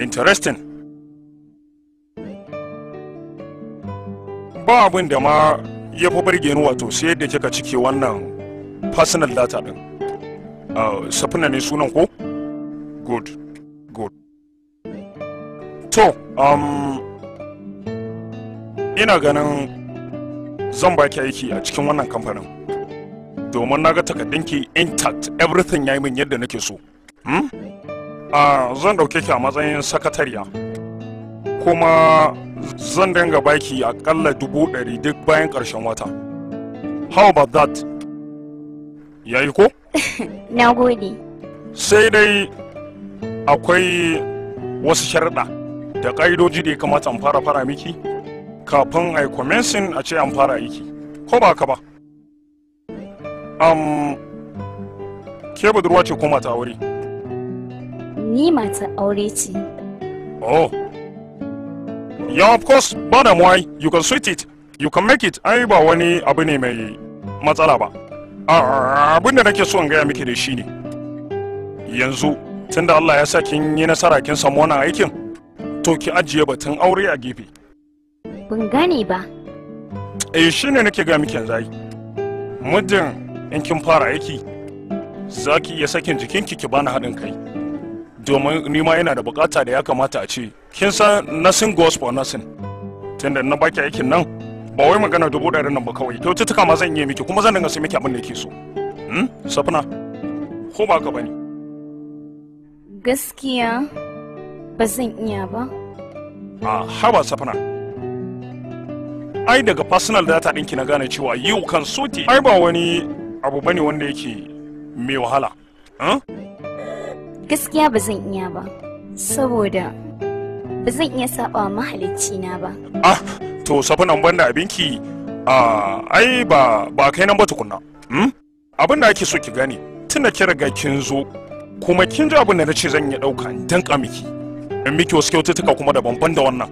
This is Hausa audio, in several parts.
interesting ba abin da ma ya fi birge ni wato sai yadda kika cike wannan personal data din ah, safina ne sunan ko good good to um, ina ganin zan baki aiki a cikin wannan kamfanin domin na ga takardunki intact everything ya yi min yadda nake so hmm? a zan ɗauke ki a matsayin sakatariya kuma zan dinga baki akalla dubu ɗari duk bayan ƙarshen wata how about that yayi ko na gode sai dai akwai wasu sharɗa da ƙa'idoji da ya kamata an fara fara miki kafin a yi commencing a ce an fara aiki ko ba ka ba ke budurwa ce ko mata aure ni matar aure ce. Oh. Yeah, of course, ba da why you can sweet it, you can make it, ai ba wani abu ne mai matsala ba. Abin da nake so in gaya miki da shi ne. Yanzu, tunda Allah ya sa kin yi nasara kin samu wannan aikin, to ki ajiye batun aure a gefe. Ban gane ba. Eh shi ne nake gaya miki yanzu ai. Muddin in kin fara aiki, za ki iya sakin jikinki ki bani haɗin kai. domin nima ma yana da bukata da ya kamata a ce kin san nothing goes for nothing tunda na baki aikin nan ba wai magana dubu ɗari nan ba kawai kyaututtuka ma zan iya miki kuma zan dinga sai miki abin da yake so hmm? safina ko ba ka bane gaskiya ba zan iya ba a haba safina ai daga personal data ɗinki na gane cewa you kan suit ai ba wani abu bane wanda yake mai wahala huh? Hmm? gaskiya ba zan iya ba saboda ba zan iya saba mahalicci na ba ah to nan banda abinki ah ai ba ba kai nan ba tukunna hmm? abin da ake so ki gane tunda ki riga kin zo kuma kin ji abin da na ce zan iya ɗauka in danka miki in miki wasu kyaututtuka kuma banban da wannan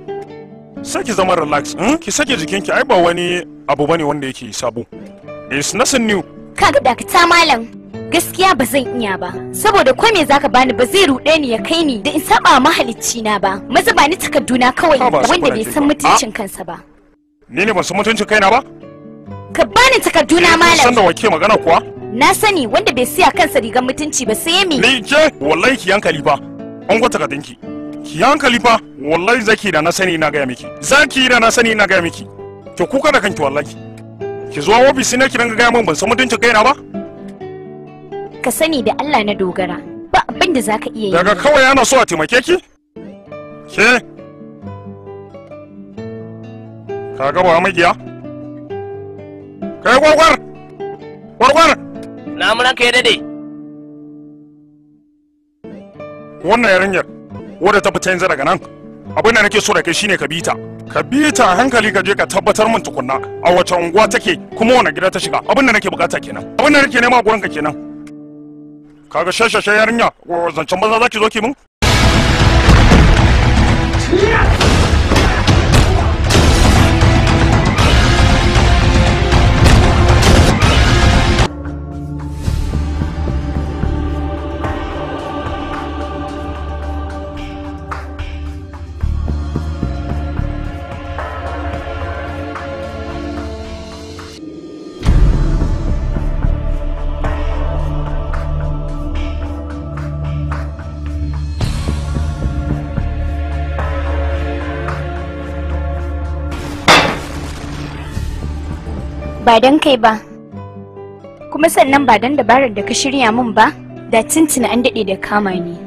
sai ki zama relax hmm? ki sake jikinki ai ba wani abu bane wanda yake sabo it's nothing new kaga dakta malam gaskiya ba zan iya ba saboda ko me zaka bani ba zai ruɗe ni ya kai ni da in saba mahalicci na ba maza ba ni takarduna kawai wanda bai san ah? mutuncin kansa ba ni ne ban san mutuncin kaina ba ka bani takarduna eh, malam san da wake magana kuwa na sani wanda bai siya kansa rigar mutunci ba sai me ni ke wallahi ki hankali fa an gwata ka dinki ki hankali fa wallahi zaki da na sani na gaya miki zaki da na sani na gaya miki to kuka da kanki wallahi ki zo ofis ne ki dinga gaya min ban san mutuncin kaina ba ka sani da Allah na dogara ba abin da za ka iya yi daga kawai ana so a taimake ki ke ka ga ba magiya kai gwargwar gwargwar na muran ka ya dade wannan yarinyar wadda ta fita yanzu daga nan abin da nake so da kai shine ka bita ka bita hankali ka je ka tabbatar min tukunna a wace unguwa take kuma wani gida ta shiga abin da nake bukata kenan abin da nake nema gurin ka kenan kaga shashashe yarinya zancen maza zaki zo ki mun ba don kai ba kuma sannan ba dan dabarar da ka shirya mun ba da tuntuna an daɗe da kama ni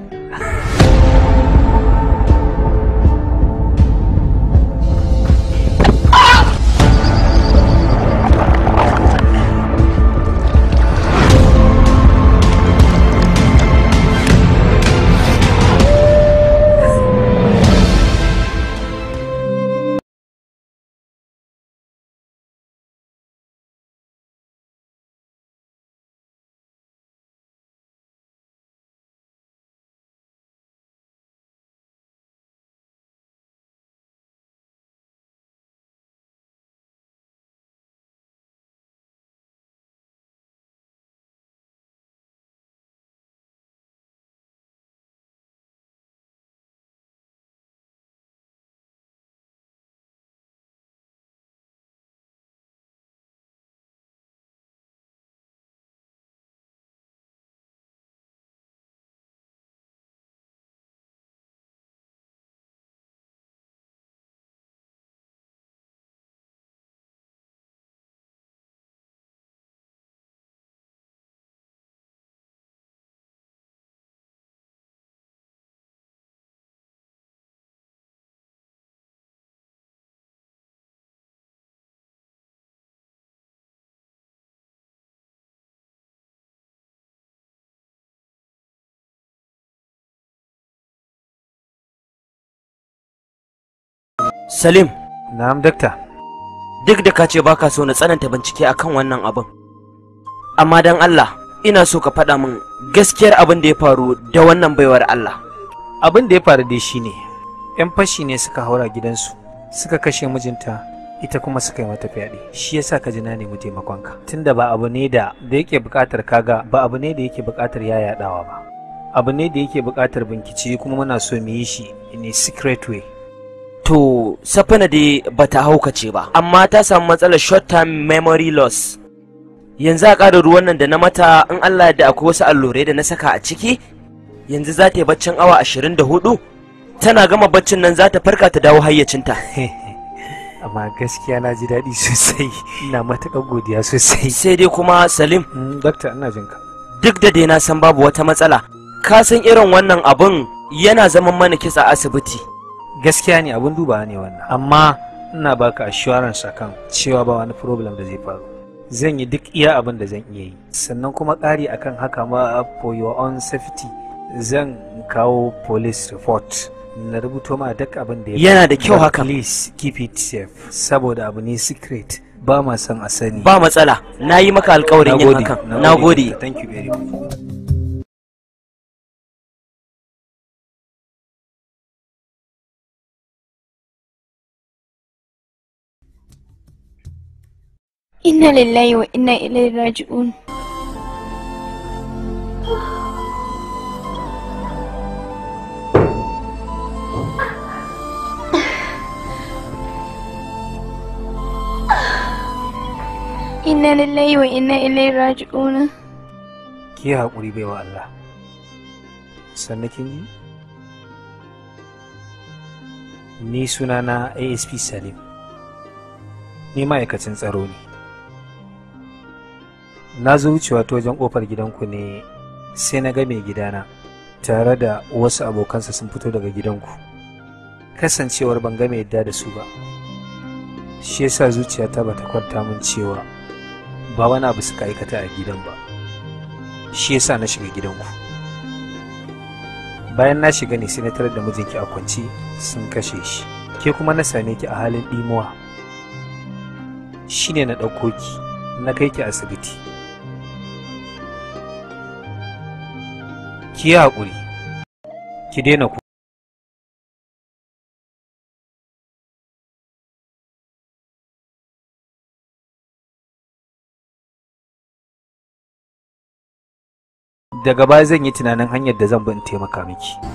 Salim. Na'am dakta. Duk da kace baka so na tsananta bincike akan wannan abin. Amma dan Allah, ina so ka faɗa min gaskiyar abin da ya faru da wannan baiwar Allah. Abin da ya faru dai shine, 'yan fashi ne suka haura gidansu, suka kashe mijinta ita kuma suka yi mata fyaɗe shi yasa ka ji na nemi taimakonka tunda ba abu ne da da yake buƙatar kaga ba abu ne da yake buƙatar ya ba abu ne da yake buƙatar bincike kuma muna so mu yi shi in a secret way to safina dai bata haukace ba amma ta samu matsalar short term memory loss yanzu a ƙara ruwan nan da na mata in Allah da akwai wasu allurai da na saka a ciki yanzu za ta yi baccin awa ashirin tana gama baccin nan za ta farka ta dawo hayyacinta amma gaskiya na ji daɗi sosai ina matuƙar godiya sosai sai dai kuma salim mm, ina jin ka duk da dai na san babu wata matsala ka san irin wannan abun yana zaman mana kitsa asibiti gaskiya ne abin dubawa ne wannan amma ina baka assurance akan cewa ba wani problem da zai faru zan yi duk iya abin da zan iya yi sannan kuma ƙari akan haka ma for your own safety zan kawo police report na rubuto ma duk abin da ya yana da kyau haka please keep it safe saboda abu ne secret ba ma son a sani ba matsala na yi maka alkawarin yin hakan na gode thank you very much inna lillahi wa inna ilaihi inna lillahi wa inna ilaihi ki haƙuri baiwa Allah sannan kin ji ni sunana ASP Salim ni ma'aikacin tsaro ne na zo wucewa ta wajen kofar gidanku ne sai na ga mai gidana tare da wasu abokansa sun fito daga gidanku kasancewar ban ga mai yadda da su ba shi yasa zuciyata ba ta kwanta min cewa ba wani abu suka aikata a gidan ba shi yasa na shiga gidanku bayan na shiga ne sai na tarar da mijinki a kwance sun kashe shi ke kuma na same ki a halin ɗimuwa shine na ɗauko ki na kai ki asibiti ki yi haƙuri ki daina ku daga baya zan yi tunanin hanyar da zan bi in taimaka miki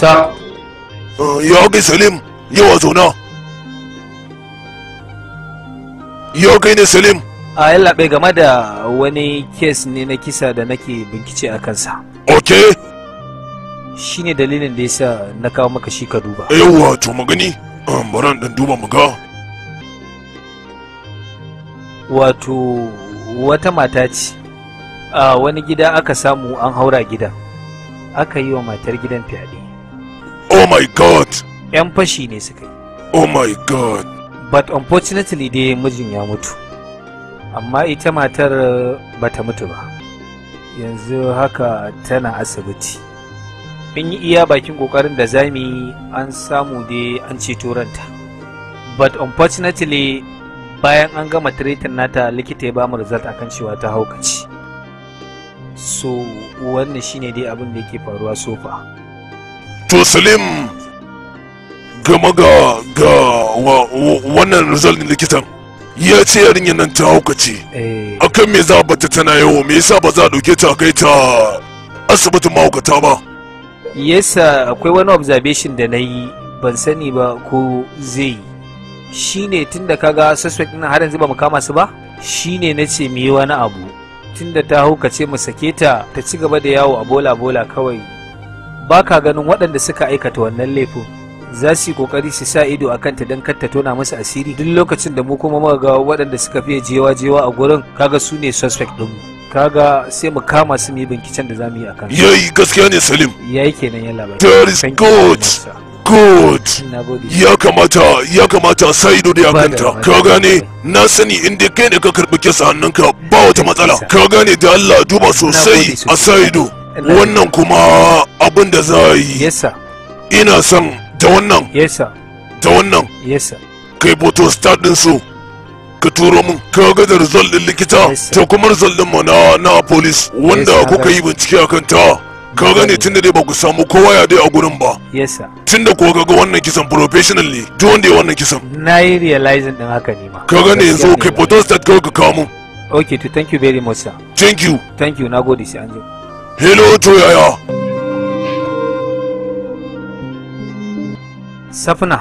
sa yogi salim yi wa zona yogi ne salim a yallaɓe game da wani kes ne na kisa da nake bincike a kansa ok shine dalilin da yasa na kawo maka shi ka duba yawwa to magani um, bari dan duba mu ga wato wata mata ce a wani gida aka samu an haura gidan aka yi wa matar gidan fyaɗe oh my god yan fashi ne suka yi oh my god but unfortunately dai mijin ya mutu amma ita matar uh, bata mutu ba yanzu haka tana asibiti in yi iya bakin kokarin da yi an samu dai an ceto ranta but unfortunately bayan an gama treatin nata likita ya ba mu result akan cewa ta haukaci so wannan shine dai abin da yake faruwa sofa Toslim gama ga ga wannan result likitan ya ce yarinyar nan ta haukace eh. akan me za bata tana yawo me yasa ba za a dauke ta kai ta asibitin mahaukata ba yasa akwai wani observation da na yi ban sani ba ko zai shine tunda kaga suspect din har yanzu ba mu kama su ba shine nace me wani abu tunda ta haukace mu sake ta ta ci gaba da yawo a bola bola kawai ba ka ganin waɗanda suka aikata wannan laifin za su yi kokari su sa ido a kanta don kar ta tona masa asiri duk lokacin da mu kuma muka ga waɗanda suka fiye jewa jewa a gurin kaga su ne suspect ɗin kaga sai mu kama su mu yi binciken da za mu yi a kan yayi gaskiya ne salim yayi kenan ya labari there is good good ya kamata ya kamata sa ido da yakanta ka gane na sani inda kai ne ka karɓi kisa hannunka ba wata matsala ka gane da Allah duba sosai a sa ido wannan kuma abin da za yi yes sir ina son da wannan yes sir da wannan yes sir kai boto start din su ka turo mun. ka ga da result din likita ta kuma result din na na police wanda kuka yi bincike akan ta ka gane tunda dai ba ku samu kowa ya dai a gurin ba yes sir tunda ko ga wannan kisan professional ne duk wanda ya wannan kisan na yi realizing din haka ne ma ka gane yanzu kai photo stat ka ka kawo mun okay to thank you very much sir thank you thank you nagode sai anjima Hello yaya. Safna,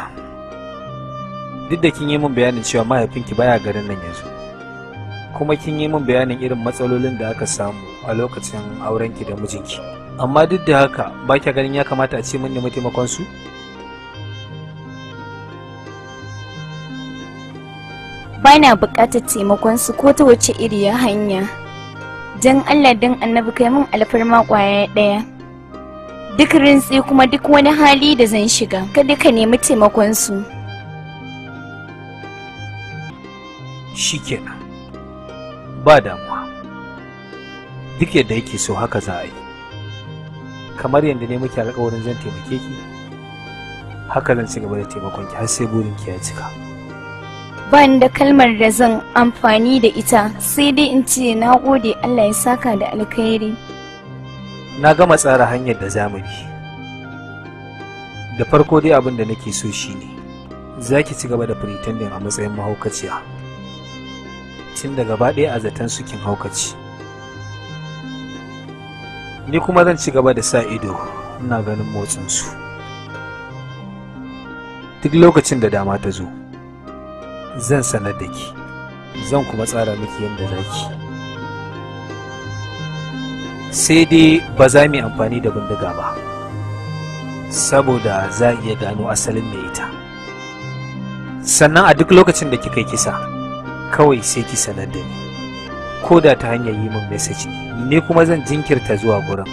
duk da kin yi min bayanin cewa mahaifinki baya garin nan yanzu, kuma kin yi min bayanin irin matsalolin da aka samu a lokacin aurenki da mijinki. Amma duk da haka ba kya ganin ya kamata a ce mun nemi taimakon su? Bana buƙatar taimakon su ko ta wace iriya hanya. don Allah don annabi kai min alfarma kwaya ɗaya duk rintsi kuma duk wani hali da zan shiga ka ka nemi taimakon su shikenan ba damuwa duk yadda yake so haka za a yi kamar yadda ne muke alƙawarin zan taimake ki haka zan ci gaba da taimakon ki har sai burin ki ya cika Bani da kalmar da zan amfani da ita sai dai in ce na gode Allah ya saka da alkhairi na gama tsara hanyar da zamani. da farko dai abin da nake so shi ne. za ki ci gaba da pretending a matsayin mahaukaciya tun da gaba ɗaya a zaton sukin haukaci ni kuma zan ci gaba da sa ido ina ganin motsinsu duk lokacin da dama ta zo zan sanar da ki zan kuma tsara miki yadda za ki sai dai ba za mu amfani da bindiga ba saboda za iya gano asalin da ita sannan a duk lokacin da kika yi kisa kawai sai ki sanar da ni ko da ta hanyar yi min message Ni kuma zan jinkirta zuwa gurin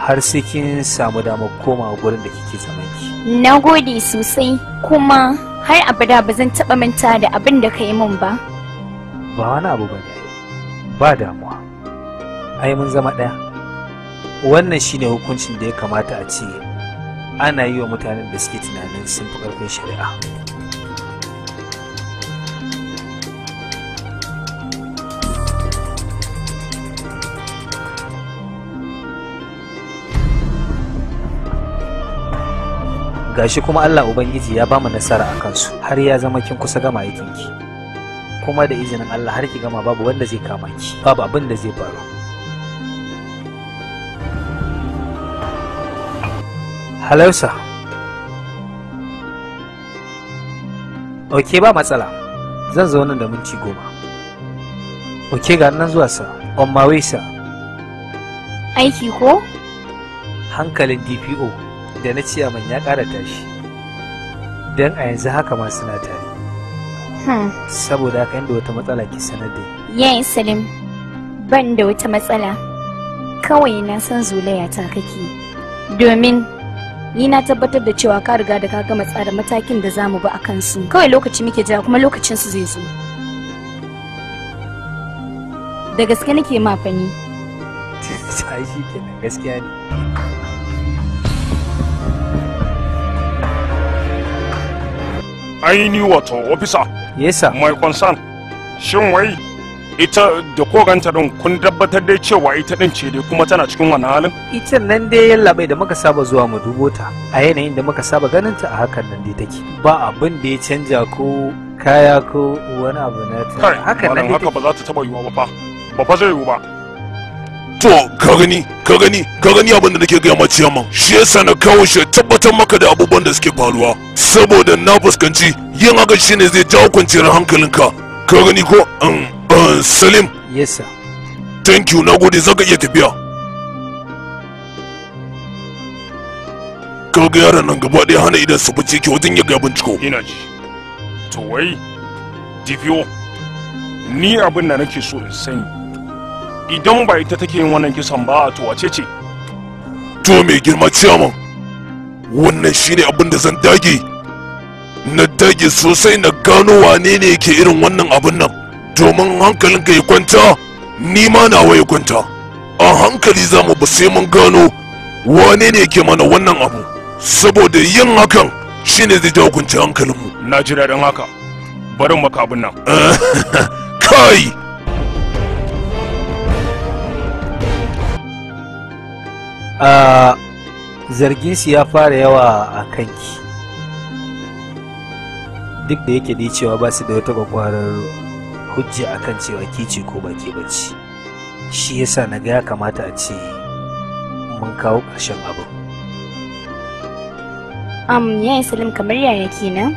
har sai kin samu damar koma gurin da kike zaman ki. Na gode sosai kuma har abada ba zan taɓa manta da abin da ka yi min ba. Ba wani abu ba ne, ba damuwa. Ai mun zama ɗaya. Wannan shine hukuncin da ya kamata a ce ana yi wa mutanen da suke tunanin sun fi ƙarfin shari'a. gashi kuma Allah Ubangiji ya mu nasara a kansu har ya zama kin kusa gama aikinki kuma da izinin Allah har ki gama babu wanda zai kama ki babu abin da zai faru Halausa Ok ba matsala zan zo nan da minti goma Ok ga nan zuwa sa on my way sa Aiki ko? Hankalin DPO da na ciyaman ya ƙara tashi don a yanzu haka ma suna tare saboda haka inda wata matsala ke sanar da salim ban da wata matsala kawai na san zulaya ta kake domin ni na tabbatar da cewa ka riga da ka gama tsara matakin da za mu ba a kansu kawai lokaci muke jira kuma lokacin su zai zo da gaske nake mafani ai shi kenan gaskiya ne aini wato ofisa yes sir my concern shin wai ita da koganta din kun tabbatar dai cewa ita din ce dai kuma tana cikin wani halin ita nan dai yallaɓai da muka saba zuwa mu dubo ta a yanayin da muka saba ganin ta a hakan nan dai take ba abin da ya canja ko kaya ko wani abu na ta haka nan dai haka ba za ta taba yiwa ba ba fa zai yiwu ba to ka gani ka gani ka gani abin da nake gaya ma ciyama shi yasa na kawo shi tabbatar maka da abubuwan da suke faruwa saboda na fuskanci yin haka shine zai jawo kwanciyar hankalinka ka gani ko um, um, salim yes sir thank you na gode zaka iya tafiya ka ga yaran nan gaba ɗaya hana idan su fice ki wajen ya ga binciko ina ji to wai dibiyo ni abin da nake so in sani idan ba ita take yin wannan kisan ba to wace ce to mai girma ciyaman wannan shine abin da zan dage na dage sosai na gano wane ne yake irin wannan abin nan domin hankalinka ya kwanta ni ma nawa ya kwanta a hankali za mu sai mun gano wane ne yake mana wannan abu saboda yin hakan shine zai jawo hankalin hankalinmu na ji daɗin haka barin maka abin nan kai zargin su ya fara yawa a kanki duk da yake dai cewa ba su da wata kwakwarar hujja kan cewa kici ko baki bacci shi yasa na ga ya kamata a ce mun kawo ƙarshen abu Um, yayin Salim kamar yaya kenan?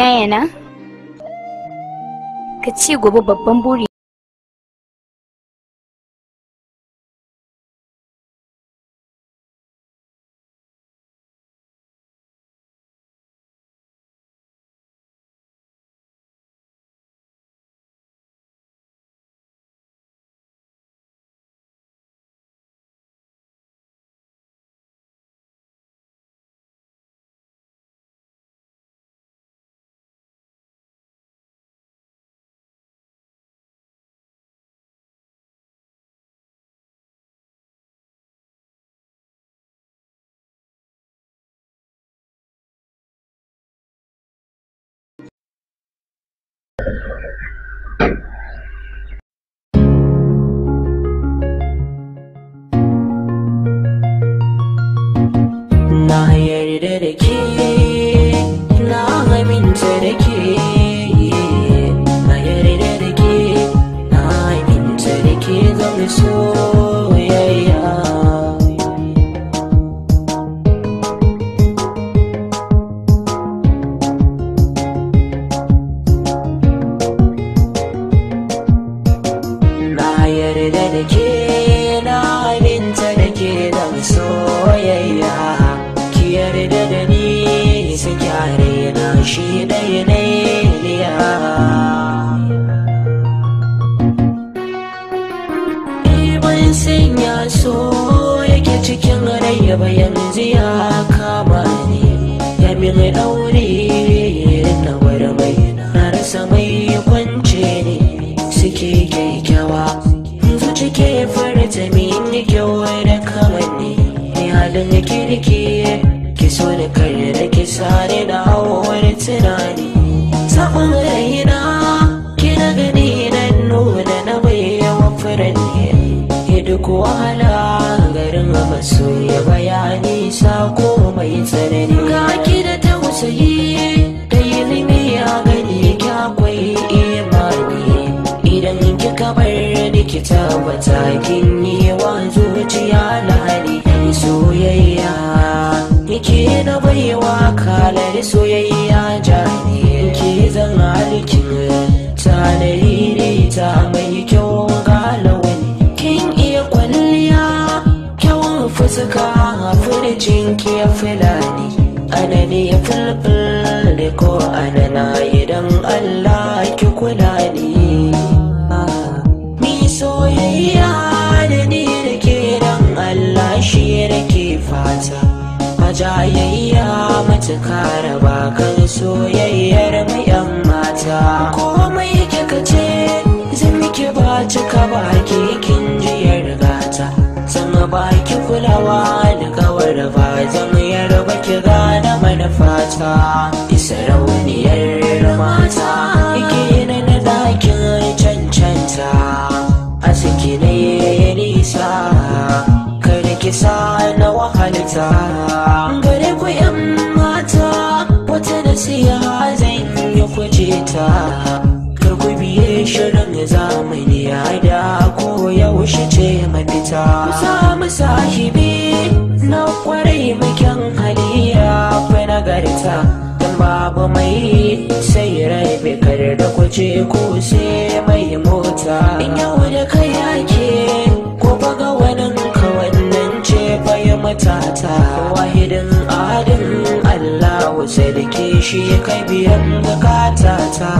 yana? Ka ci gobe babban buri ke zan so kin yi wa zuciya lahani soyayya yake na baiwa kalar soyayya jani yake zan halikin ta na ta mai kyau galawan kin iya kwalliya kyau fuska furcin ke fulani anani ya fulful da ko anana jayayya matuka raba kan soyayyar mu yan mata komai kika ce zan miki ba cika ba kin jiyar gata zama ba ki kulawa da kawar ba zama yar ba ki gane manufata isa rauniyar mata ike na kisa na wahalta gare ku yan mata wata siya zan yi kuce ta kar ku biye shirin zamani ya da ko yaushe ce mafita kusa mu sahibi na kwarai bikin haliya kwai nagarta dan babu mai sai bai kar da kuce ko sai mai mota in yau da kai matata wahidin adin Allah wuce da ke shi kai biyan bukatata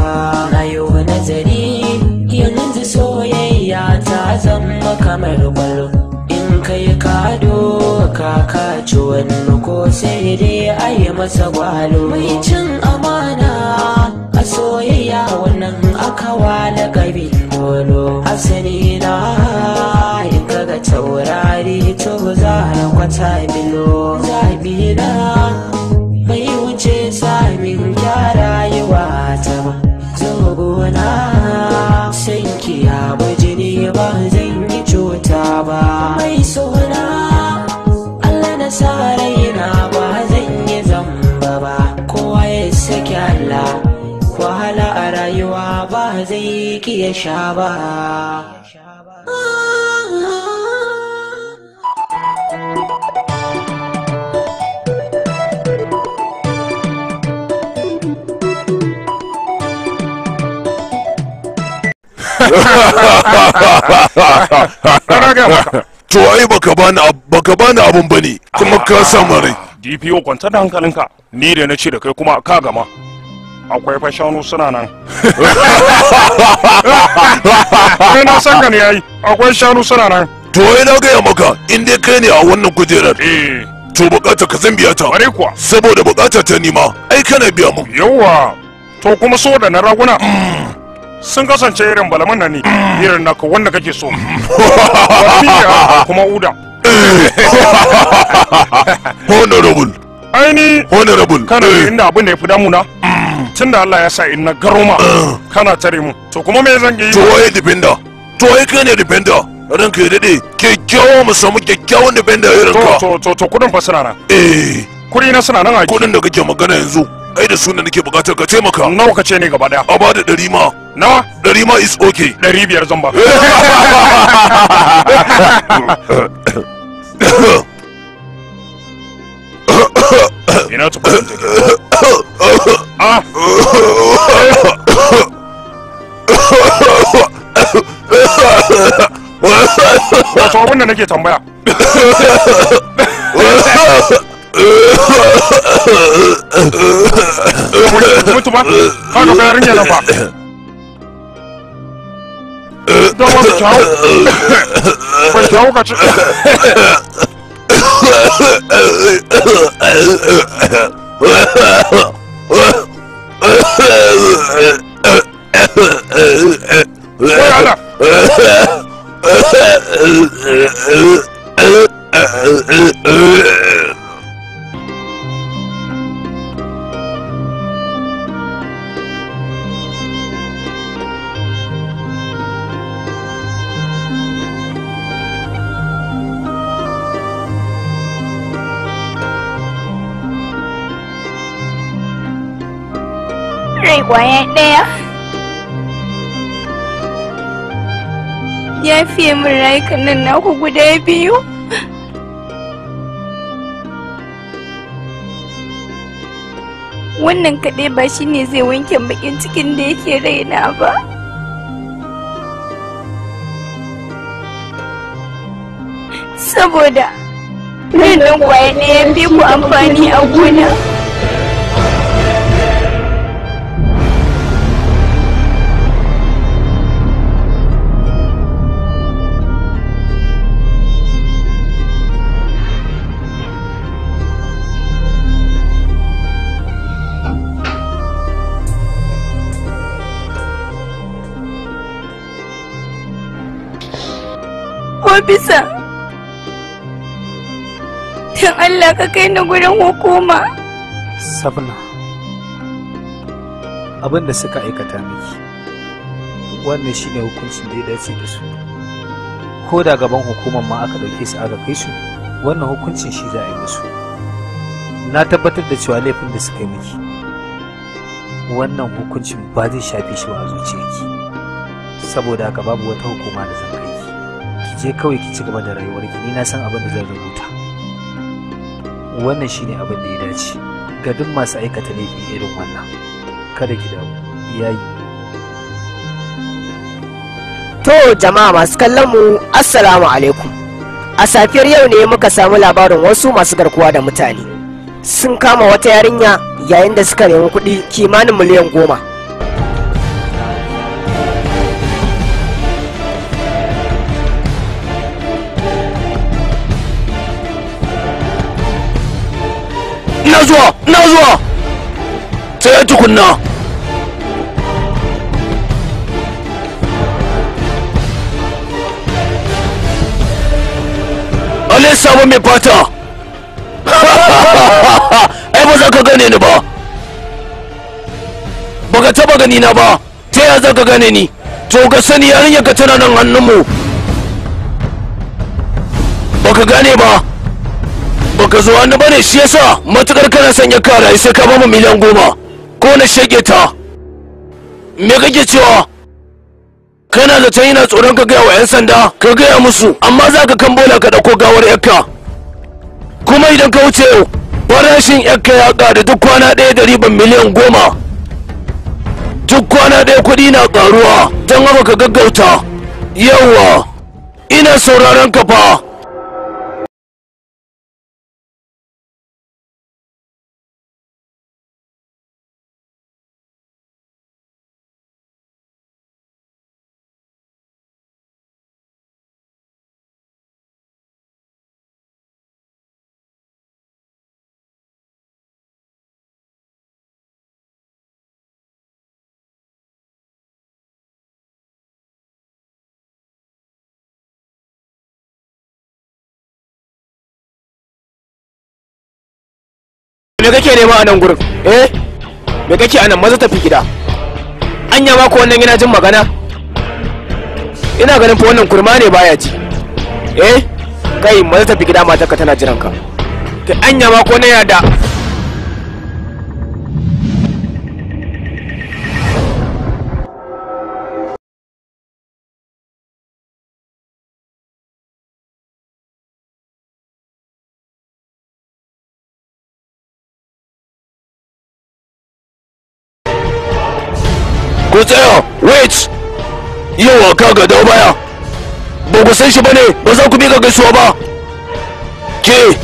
na yi nazari yanzu soyayya ta zama kamar gwalo in kai kado ka kaci wani ko sai dai a yi masa gwalo mai cin amana a soyayya wannan akawa na gabin dolo asali na saurari to za a kwata bilo zaɓi na bai wuce samin gyara yi wata ba zogo na san kiya jini ba zan yi cuta ba mai sona Allah na sa raina ba zan yi zamba ba kowa ya saki Allah wahala a rayuwa ba zai yi sha ba to ai baka bani baka bani abun bane kuma ka sa rai DPO kwanta da hankalinka ni da na ce da kai kuma ka gama akwai fa shanu suna nan ni na san ka ne ai akwai shanu suna nan to ai na gaya maka in dai kai ne a wannan kujerar eh to bukata ka zan biya ta bare kuwa saboda bukata ta nima ai kana biya mu yawa to kuma so da na raguna mm. sun kasance irin balaman na ne irin naka wanda kake so kuma uda honorable aini honorable kana eh. inda abin da ya fi damuna tun da Allah ya sa ina garoma eh. kana tare mu to kuma me zan yi to waye defender to waye kai ne defender ranka ya dade kyakkyawan mu samu kyakkyawan defender irin ka to to to kudin fa suna eh kuri na suna nan a kudin da kake magana yanzu ai da sunan nake bukatar ka taimaka nawa kace ne gaba daya a ba da dari ma nawa ɗari ma is okay ɗari biyar zamba. ina ah. wato abin da nake tambaya mutu ba ka ga ba 端碗面条，面条我敢吃。mayukan nan naku guda biyu wannan kaɗai ba shi ne zai wanke bakin cikin da yake raina ba saboda nan nan kwaye ne ya fi ku amfani a gona bisa don allah ka kai ni gurin hukuma sabna abin da suka aikata miki wannan shine hukuncin da ya dace da su ko da gaban hukumar ma aka ɗauke su aka kai su wannan hukuncin shi za a yi musu na tabbatar da cewa laifin da suka yi miki wannan hukuncin ba zai shafe shi ba a zuciyarki saboda haka babu wata hukuma da zan je kawai ki ci gaba da rayuwarki ni na san abin da zan rubuta wannan shine abin da ya dace ga duk masu aikata laifi irin wannan kada ki dawo yayi to jama'a masu kallon mu assalamu alaikum a safiyar yau ne muka samu labarin wasu masu garkuwa da mutane sun kama wata yarinya yayin da suka nemi kuɗi kimanin miliyan goma ina zuwa ina zuwa sai tukunna ale sabon mai fata ai ba za ka gane ni ba baka taba gani na ba ta ya za ka gane ni to ka sani yarinya ka tana nan hannunmu baka gane ba baka zo hannu bane shi yasa matukar kana sanya kara sai ka ba mu miliyan goma ko na shege ta me kake cewa kana da yana tsoron ka gaya wa 'yan sanda ka gaya musu amma za ka kambola ka ɗauko gawar yakka kuma idan ka wuce yau farashin yakka ya da duk kwana ɗaya da riban miliyan goma duk kwana ɗaya kuɗi na ƙaruwa don haka ka gaggauta yawa ina sauraron ka fa me kake nema a nan gurin eh me kake a nan maza tafi gida anya ma ko wannan yana jin magana ina ganin fa wannan kurma ne baya ji eh kai maza tafi gida ta tana jiranka kai anya ma ko ne ya da tsaya wait yawa kaga dawo baya ba ku san shi bane ba za ku miƙa gaisuwa ba ke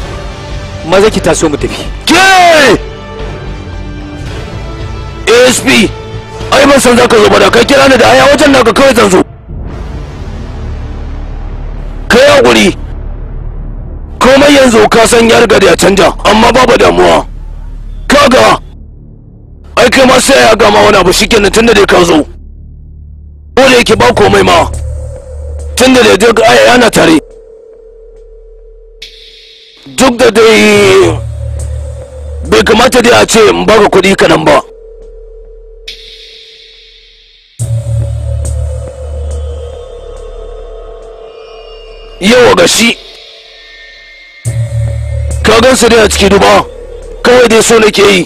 maza ki taso mu tafi ke asp ai ban san za ka zo ba da kai kira ni da aya wajen naka kawai zan zo kai hakuri komai yanzu ka san yar gari da ya canja amma babu damuwa kaga ai kai ma sai ya gama wani abu shikenan tunda dai ka zo ko da yake ba komai ma tunda da duk ai ana tare duk da dai bai kamata dai a ce in baka kuɗi kanan ba yawa ga shi ka gansu dai a ciki duba kawai dai so nake yi